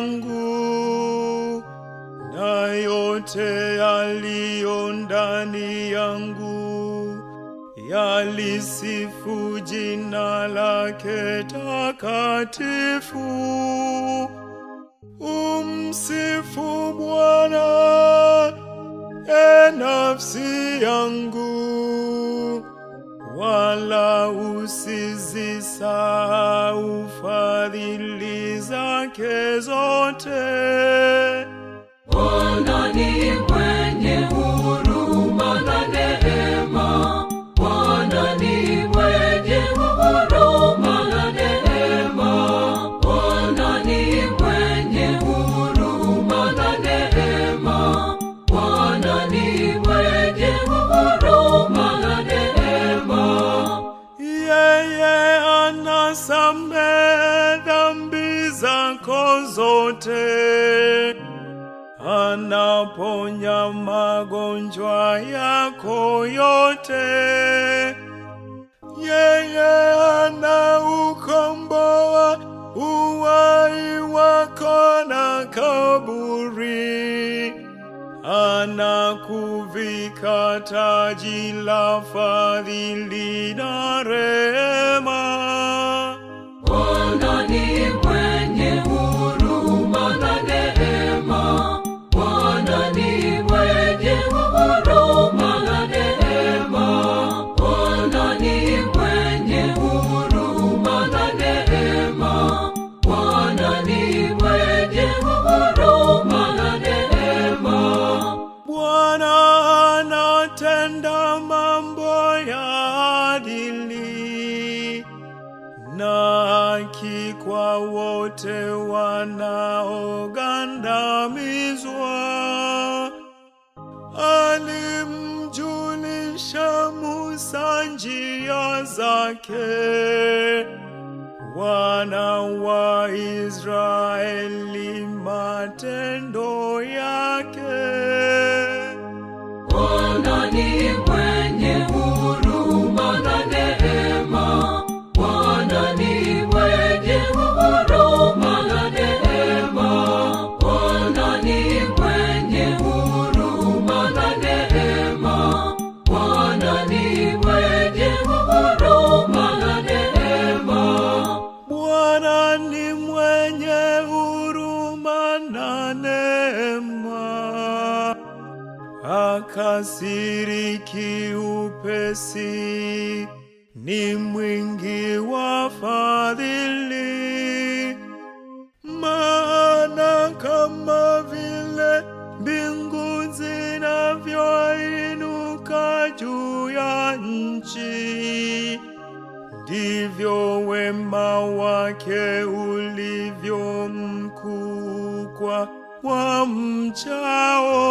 yangu na yote yaliyo ndani yangu yalisifu jina lake takatifu. Umsifu Bwana, e nafsi yangu, wala usizisahau fadhili zake zote. Ona yote, anaponya magonjwa yako yote. Yeye anaukomboa uwai wako na kaburi, anakuvika taji la fadhili na rehema na mambo ya adili na haki kwa wote wanaogandamizwa. Alimjulisha Musa njia zake, wana wa Israeli matendo yake. ni mwenye huruma na neema, akasiriki upesi, ni mwingi wa fadhili ndivyo wema wake ulivyo mkuu kwa wamchao.